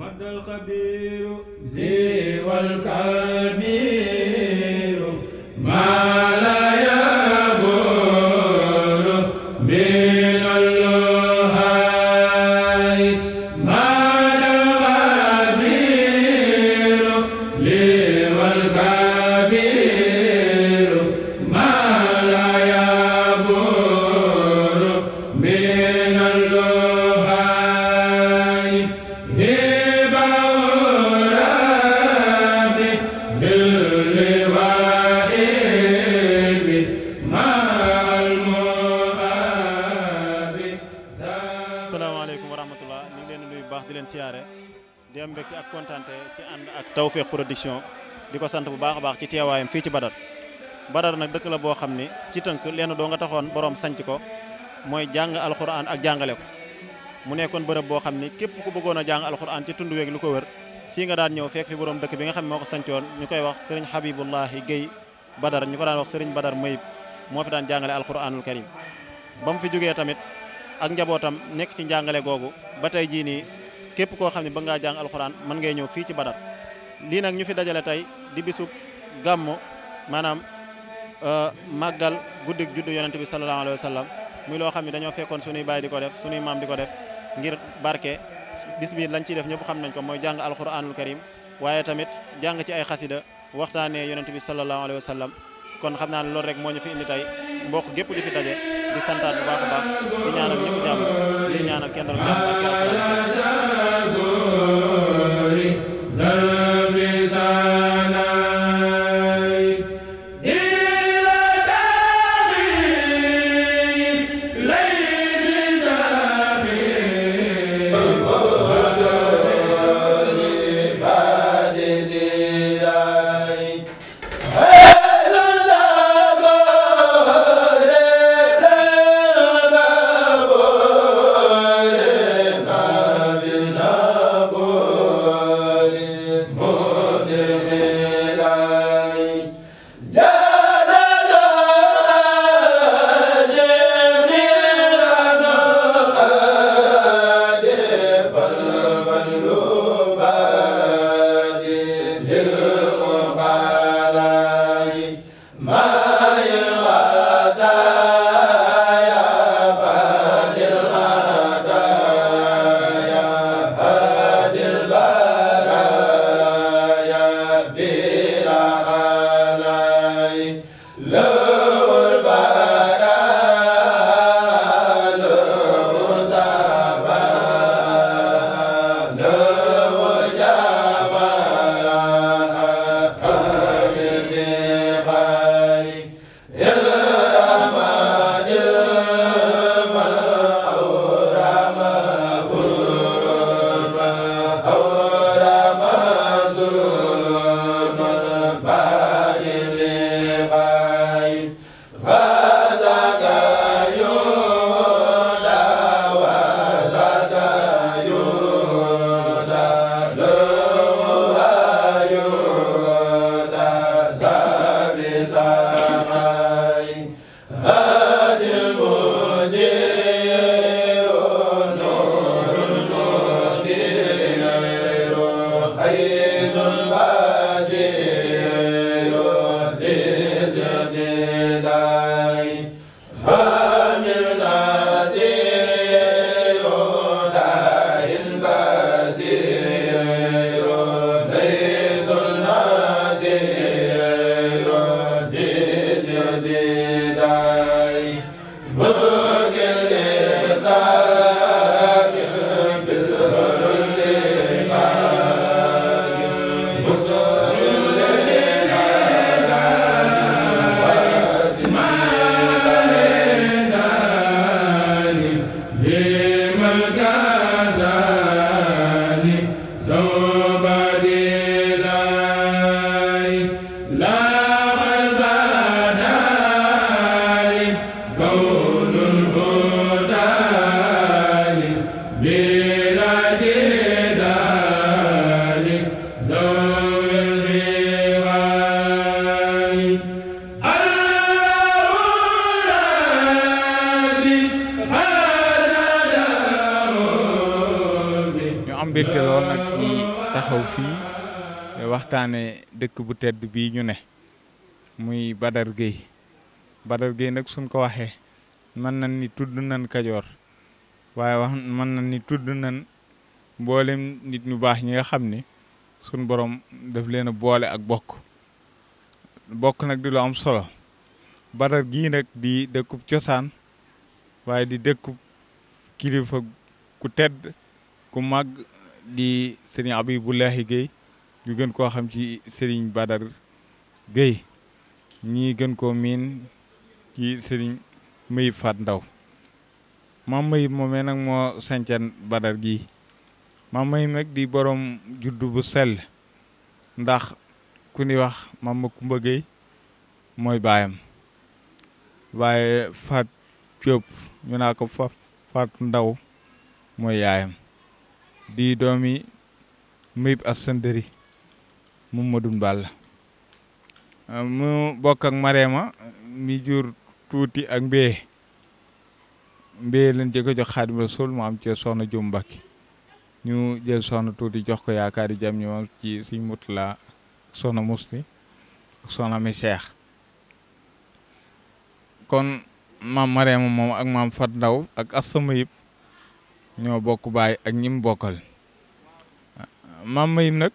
مد الخبير لي والكبير ما لا يقول من الله مد الخبير لي والكبير ما لا يقول من الله mbégte ak kontante ci ànd ak Tawfekh Production di ko sant bu baax a baax ci teewaayam fii ci Badar Badar nag dëkk la boo xam ne ci tënk lenn doo nga taxoon borom sanc ko mooy jàng alxuraan ak jàngale ko mu nekkoon bërëb boo xam ne képp ku bëggoon a jàng alxuraan ci tund weeg lu ko wër fii nga daan ñëw fekk fi borom dëkk bi nga xam ne moo ko sancoon ñu koy wax sëriñ Habibullahi Guèye Badar ñu ko daan wax sëriñ Badar Mayib moo fi daan jàngale alxuraanul karim ba mu fi jógee tamit ak njabootam nekk ci njàngale képp koo xam ne ba ngaa jàng alxuraan mën ngay ñëw fii ci Badar lii nag ñu fi dajale tey di bisub gàmmu maanaam euh, màggal guddi juddu yonente bi sallallahu alayhi wa sallam muy loo xam ne dañoo fekkoon suñuy baay di ko def suñuy maam di ko def ngir barke bis bi lañ ciy def ñëpp xam nañ ko mooy jàng alxuraanul karim waaye tamit jàng ci ay xasida waxtaanee yonente bi sallallahu alayhi wa kon xam naa ne loolu rek moo ñu fi indi tey mbokk gépp di fi daje di santaat bu baax a baax di ñaanal ñëpp jàmm di ñaanal kenn doon jàmm Solo waxtaane dëkk bu tedd bii ñu ne muy Badar Gueye Badar Gueye nag suñ ko waxee mën na ni tudd nañ Kajoor waaye wax mën nañ ni tudd nañ boolem nit ñu baax ñi xam ni suñ borom daf leen boole ak bokk bokk nag di lu am solo Badar gii nag di dëkkub cosaan waaye di dëkkub kilifa ku tedd ku mag di sëriñ Abibulahi géey ñu gën koo xam ci sëriñ Badar Gueye ñii gën koo miin ci sëriñ Mayib Fat Ndaw maam Mayib moomee nag moo sancan Badar gi maam Mayib nag di boroom juddu bu sell ndax ku ni wax maam ma Kumba Gueye mooy baayam waaye Fat Diop ñu naa ko fa Fat Ndaw mooy yaayam di doomi Mayib Assane Mamadou Mballa ah, mu bokk ak Marema mi jur tuuti ak mbee mbee lañ ci ko jox Xaadimu Rasuul mu am ci soxna Jum Mbàkke ñu jël soxna tuuti jox ko yaakaari jam ñi moom ci suñ mutla soxna musli soxna mi Cheikh kon maam Marema moom ak maam Fat Ndaw ak Assama yëpp ñoo bokk baay ak ñim bokkal ah, maam Mayib nag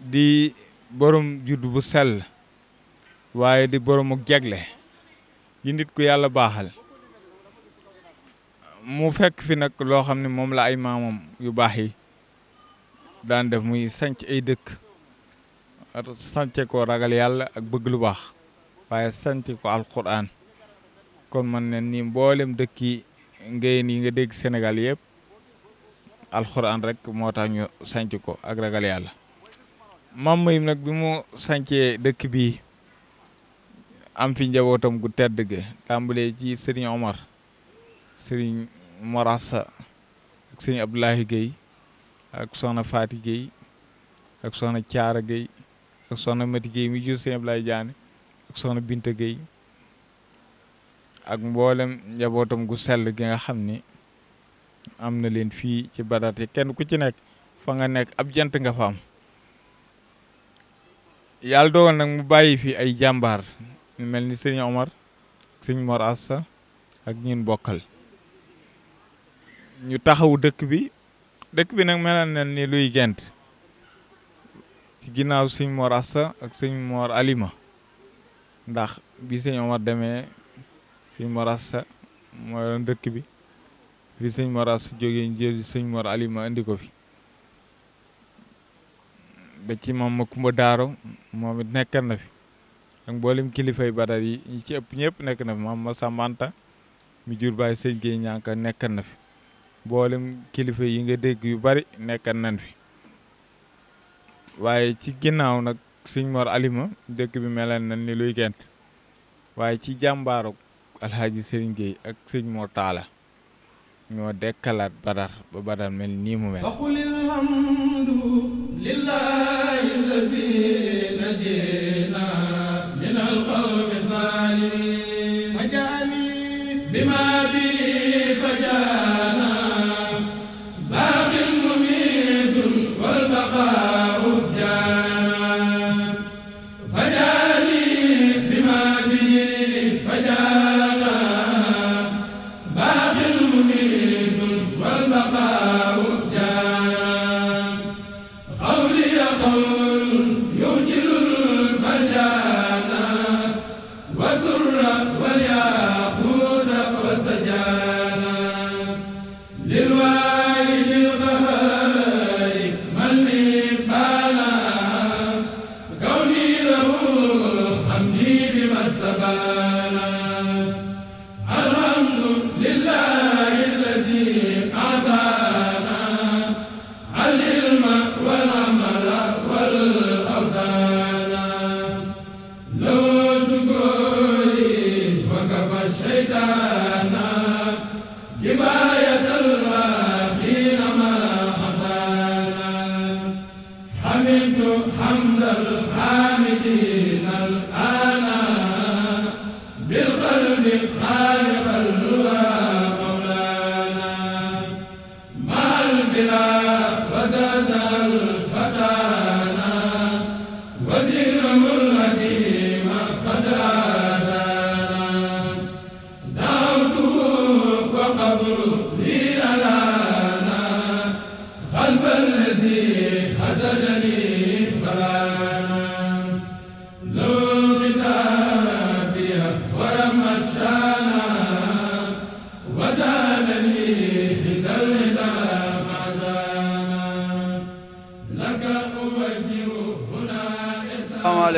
di borom judd bu sell waaye di borom jegle jagle ko yàlla baaxal mu fekk fi nag loo xam ne moom la ay maamam yu baax yi daan def muy sanc ay dëkk sance ko ragal yàlla ak bëgg lu baax waaye sanc ko alxuraan kon man ne nii mboolem dëkk yi ngeen yi nga dégg senegal yëpp alxuraan rek moo tax ñu sanc ko ak ragal yàlla maam Mayim nag bi mu sancee dëkk bi am fi njabootam gu tedd gi tàmbalee ci sëriñ Omar sëriñ Morassa ak sëriñ Abdoulahi Guèye ak soxna Faati Guèye ak soxna Caara Guèye ak soxna Mati Guèye mi jur sëriñ Abdoulaye Diané ak soxna Binta Guèye ak mboolem njabootam gu sell gi nga xam ni am na leen fii ci badat yi kenn ku ci nekk fa nga nekk ab jant nga fa am yàlla dogal nag mu bàyyi fi ay jàmbaar mel ni sëñ Omar sëñ Mor Assa ak ñun bokkal ñu taxaw dëkk bi dëkk bi nag mel na ni luy gent ci ginnaaw sëñ Mor Assa ak sëñ moor Alima ndax bi sëñ Omar demee sëñ Mor Assa mooy dëkk bi fi sëñ Mor Assa jógee jël sëñ Mor Alima indi ko fi ba ci moom ma Kumba Daaro moom nekkat na fi ak mboolem kilifa yu badar yi ñi ci ëpp ñëpp nekk na fi moom ma Sambanta mi jur baay sëñ Gueye ñànka nekkan na fi mboolem kilifa yi nga dégg yu bari nekkan nañ fi waaye ci ginnaaw nag sëñ Mor Alima dëkk bi meleen nañ ni luy gent waaye ci jàmbaaru alxaaji sëriñ Gueye ak sëñ Mor Taala ñoo dekkalaat badar ba badar mel nii mu mel na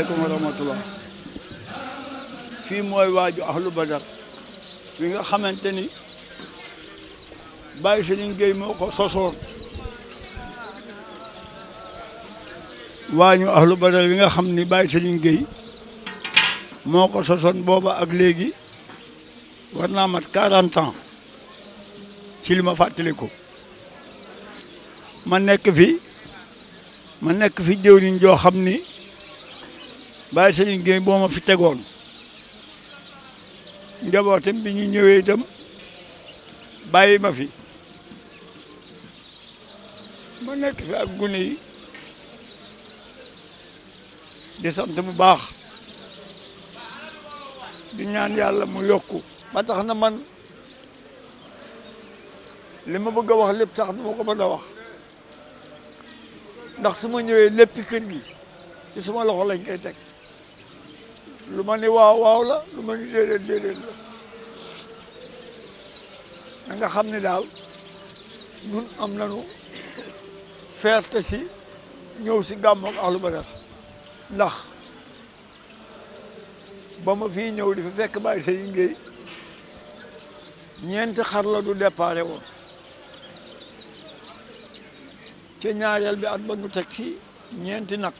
aleykum wa rahmatullah fii mooy waaju ahlu badar fi nga xamante ni Baye Serigne Gueye moo ko sosoon waañu ahlu badar bi nga xam ni Baye Serigne moo ko sosoon booba ak léegi war naa mat 40 ans ci li ma ma nekk fi ma nekk fi jëwriñ joo xam ni bàyyi Serigne Gueye boo ma fi tegoon njabootam bi ñu ñëwee itam bàyyi ma fi ma nekk fi ak gune yi di sant bu baax di ñaan yàlla mu yokku ba tax na man li ma bëgg a wax lépp sax du ma ko wax ndax su ma ñëwee léppi kër gi ci suma loxo lañ koy teg lu ma ni waaw waaw la lu ma ni déedéet déedéet na nga xam ni daal ñun am nañu fierté si ñëw si gàmmu ak ndax ba ma fii ñëw di fi fekk bàyyi sa yi ñeenti xar la du déparé woon ca ñaareel bi at ba ñu teg ci ñeenti nag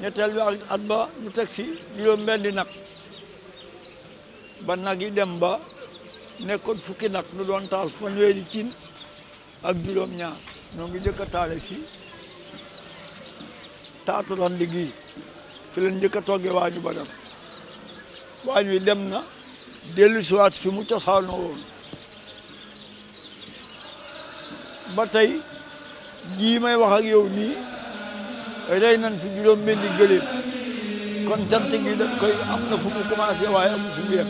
ñetteel bi ak at ba ñu teg si juróom-benni nag ba nag yi dem ba nekkoon fukki nag nu doon taal fanweeri cin ak juróom-ñaar ñoo ngi njëkk a taale si taatu randi gi fi leen njëkk a toggee waañu ba dem waañ wi dem na dellu siwaat fi mu cosaanoo woon ba tey jii may wax ak yow nii rey nañ fi juróom benni gëléem kon cant gi da koy am na fu mu commencé waaye amul fu mu yem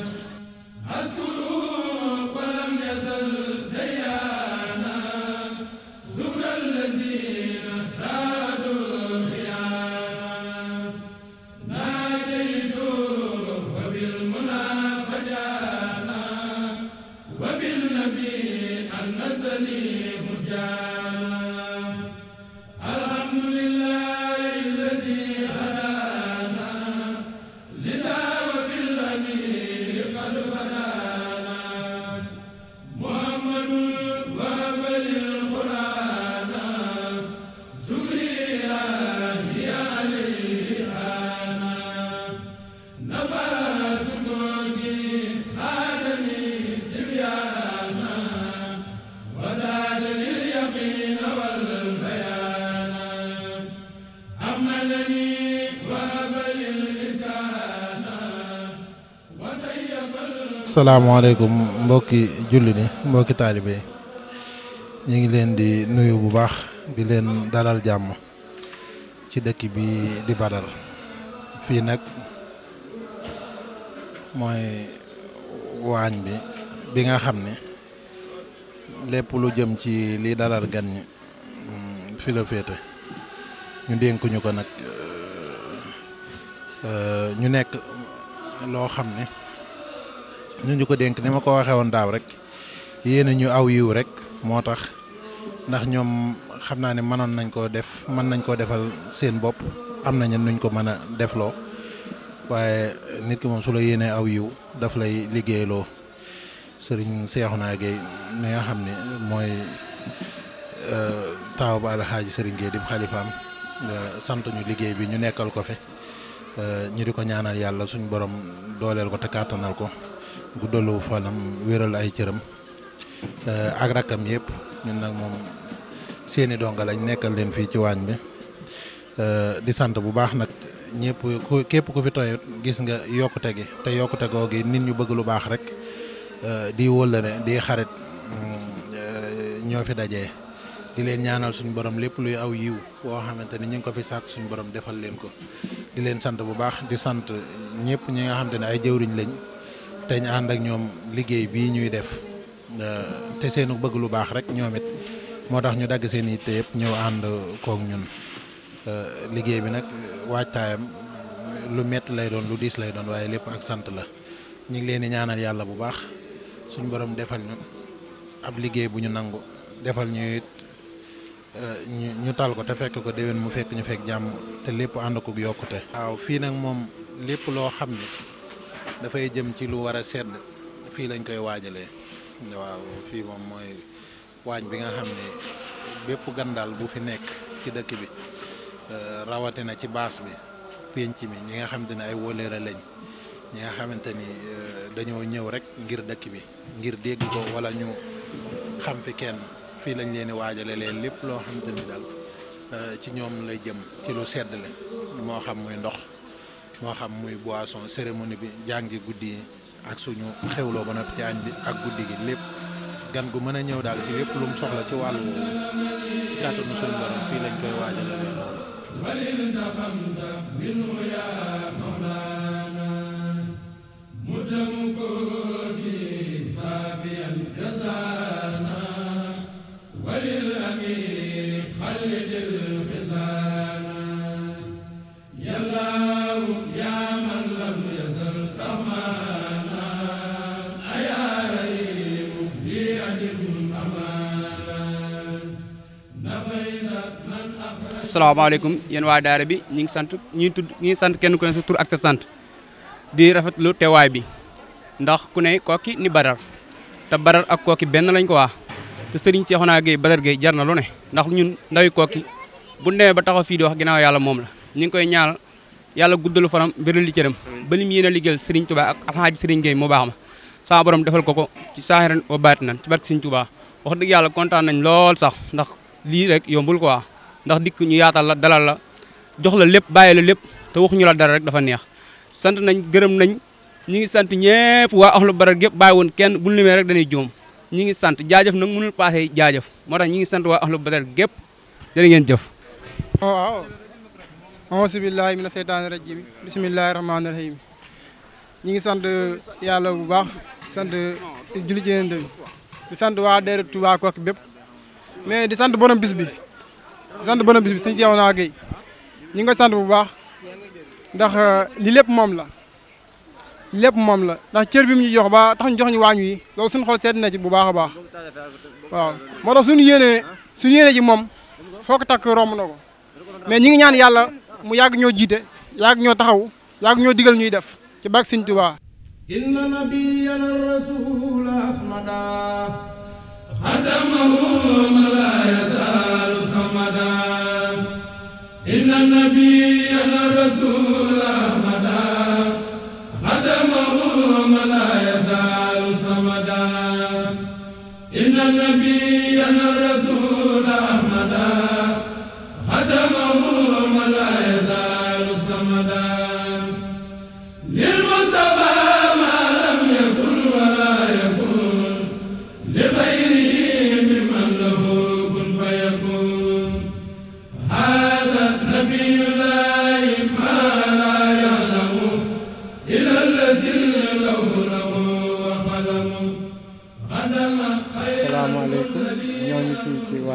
asalaamaaleykum mbokki julli ni mbokki taalibe ñu ngi leen di nuyu bu baax di leen dalal jàmm ci dëkk bi di Badar fii nag mooy waañ bi bi nga xam ni lépp lu jëm ci li dalal gan ñi mm, fi la féete ñu dénkuñu ko nag euh, euh, ñu nekk loo xam ne ñu ñu ko dénk ni ma ko waxee woon daaw rek yéen ñu aw yiw rek moo tax ndax ñoom xam naa ni mënoon nañ koo def mën nañ koo defal seen bopp am na nañu nuñ ko mën a defloo waaye nit ki moom su la yéenee aw yiw daf lay liggéeyaloo sëriñ seexu Seexuna Géey mi nga xam ne mooy euh, taaw ba alxaaji sëriñ Géey di xalifaam santuñu liggéey bi ñu nekkal ko fi euh, ñu di ko ñaanal yàlla suñu borom dooleel ko te kàttanal ko guddalu fanam wéral ay cëram eh, ak rakkam yëpp nag moom seeni donga lañ nekkal leen fii ci waañ bi eh, di sant bu baax nag ñëpp ku fi tooyut gis nga yokkute gi te yokkute googi nit ñu bëgg lu baax rek eh, di wëllëre di xarit mm, ñoo fi dajee di leen ñaanal suñu borom lépp luy aw yiw woo xamante ni ñu ngi ko fi sàkk suñu borom defal leen ko di leen sant bu baax di sant ñëpp ñi nga xamante ne ay jëwriñ lañ te ñu ànd ak ñoom liggéey bii ñuy def euh, te seenu bëgg lu baax rek ñoom it moo tax ñu dagg seen yitte yëpp ñëw ànd kook ñun euh, liggéey bi nag waajtaayam lu métti lay doon lu diis lay doon waaye lépp ak sant la ñu ngi leen di ñaanal yàlla bu baax suñu boroom defal ñu ab liggéey bu ñu nangu defal ñu it euh, ñu ñu tal ko te fekk ko déwén mu fekk ñu fekk jàmm te lépp ànd ko yokkute. waaw fii nag moom lépp loo xam ne. dafay jëm ci lu war a sedd fii lañ koy waajalee waaw fii moom mooy waañ bi nga xam ne bépp gandaal bu fi nekk ci dëkk bi euh, rawatina ci baas bi pénc mi ñi nga xamante ne ay wóoleera lañ ñi nga xamante ni euh, dañoo ñëw rek ngir dëkk bi ngir dégg ko wala ñu xam fi kenn fii lañ leen di waajale leen lépp loo xamante ni daal euh, ci ñoom lay jëm ci lu sedd la moo xam muy ndox moo xam muy boisson cérémonie bi jàngi guddi yi ak suñu xewloo ba noppi ci añ bi ak guddi gi lépp gan gu mën a ñëw daal ci lépp lu soxla ci wàllu ci kàttanu suñu borom fii lañ koy waajal. asalaamaaleykum yéen waa daara bi ñi ngi sant ñi tudd ñi sant kenn ko ne sa ak sa sant di rafet rafetlu teewaay bi ndax ku ne kooki ni barar te barar ak kooki benn lañ ko waa te sëriñ Seexuna Géey Badar Géey jar na lu ne ndax ñun ndawi kooki bu demee ba taxaw fii di wax ginnaaw yàlla moom la ñu ngi koy ñaanal yàlla guddalu fanam bëri li cëram ba lim yéen a liggéeyal sëriñ Tuubaa ak alxaaji sëriñ Géey mu baax ma sama defal ko ko ci saahiran wa baatinan ci barke sëriñ yàlla kontaan nañ lool sax lii rek yombul quoi ndax dikk ñu yaatal la dalal la jox la lépp bàyyi la lépp te waxuñu la dara rek dafa neex sant nañ gërëm nañ ñi ngi sant ñëpp waa axlu barak yëpp bàyyi woon kenn buñ limee rek dañuy juum ñi ngi sant jaajëf nag mënul paase jaajëf moo tax ñi ngi sant waa axlu barak gépp jërë ngeen jëf waaw auzu ngi sant yàlla bu sant julli ci yonent bi di waa daayira Touba Koki bépp mais di sant borom bis bi di sant borom bis bi sëñ Cheikhouna Gueye ñu ngi koy sant bu baax ndax euh, li lépp moom la lépp moom la ndax cër bi mu ñu jox ba tax ñu jox ñu waañu yi loolu suñu xol seet na ci bu baax a baax waaw moo tax suñu yéenee suñu yéenee ci moom foo ko takk romb na ko mais ñi ngi ñaan yàlla mu yàgg ñoo jiite yàgg ñoo taxaw yàgg ñoo digal ñuy def ci barke Sëñ Tuubaa inna nabiyana rasul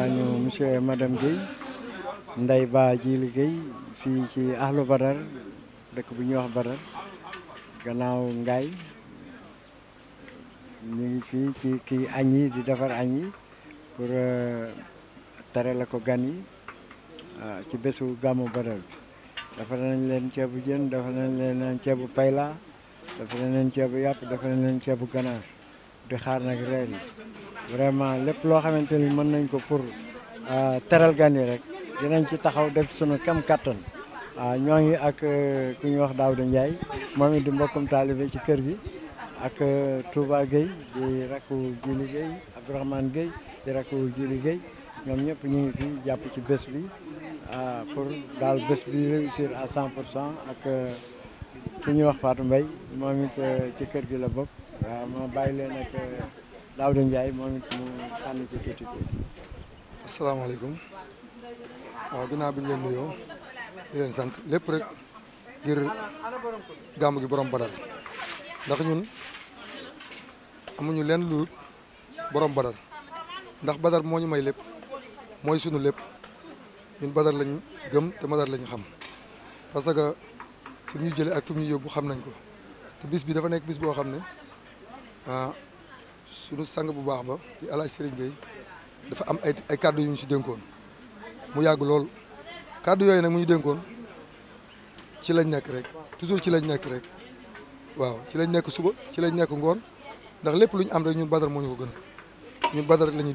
accompagne monsieur et madame Guèye Ndeye Ba Djili Guèye fii ci Ahlu Badar dëkk bu ñuy wax Badar gannaaw Ngaay ñu ngi fii ci kii añ yi di defar añ yi pour euh, tere la ko gan yi euh, ci bésu gàmmu Badar bi dafa nañ leen ceebu jën dafa nañ leen ceebu payla dafa nañ leen ceebu yàpp dafa nañ leen ceebu ganaar di xaar nag reer yi vraiment lépp loo xamante ni mën nañ ko pour euh, teral gan yi rek dinañ ci taxaw def sunu kam kattan waaw ah, ñoo ngi ak euh, ku ñuy wax Daouda Ndiaye moom it di mbokkum taalibe ci kër gi ak euh, Touba Gueye di rakku Djili Gueye Abdourahmane Gueye di rakku Djili Gueye ñoom ñëpp ñu ngi fi jàpp ci bés bi ah, pour daal bés bi réussir à 100 pour cent ak ku ñuy wax Fatou mbay moom it ci kër gi la bokk waaw ma bàyyi leen ak. Daouda Ndiaye moom it mu tànn ci waaw ginnaaw bi ñu leen nuyoo leen sant lépp rek ngir gàmm gi borom badar ndax ñun amuñu leen lu borom badar ndax badar moo ñu may lépp mooy sunu lépp ñun badar lañu gëm te badar lañu xam parce que fi mu ñu jëlee ak fi mu ñu yóbbu xam nañ ko te bis bi dafa nekk bis boo xam ne ah, sunu sang bu baax ba di El Hadj Serigne dafa am ay ay kàddu yu ñu si dénkoon mu yàgg lool kàddu yooyu nag mu ñu dénkoon ci lañ nekk rek toujours ci lañ nekk rek waaw ci lañ nekk suba ci lañ nekk ngoon ndax lépp lu ñu am rek ñun Badar moo ñu ko gën a ñun Badar rek la ñuy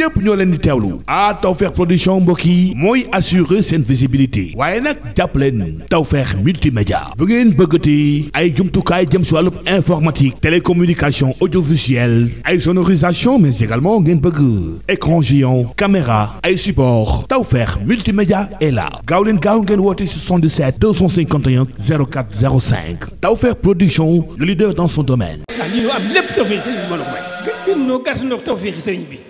lépp ñoo leen di teewlu ah Tawfekh production mbokk yi mooy assurer seen visibilité waaye nag jàpp leen Tawfekh multimédia bu ngeen bëggati ay jumtukaay jëm si wàllu informatique télécommunication audiovisuelle ay sonorisation mais également ngeen bëgg écran géant caméra ay support Tawfekh multimédia est là gaaw leen gaaw ngeen woote 77 251 04 05 Tawfekh production le leader dans son domaine. Ah, am lépp Tawfekh sëriñ bi mën a may. gën noo gàtt noo Tawfekh sëriñ bi.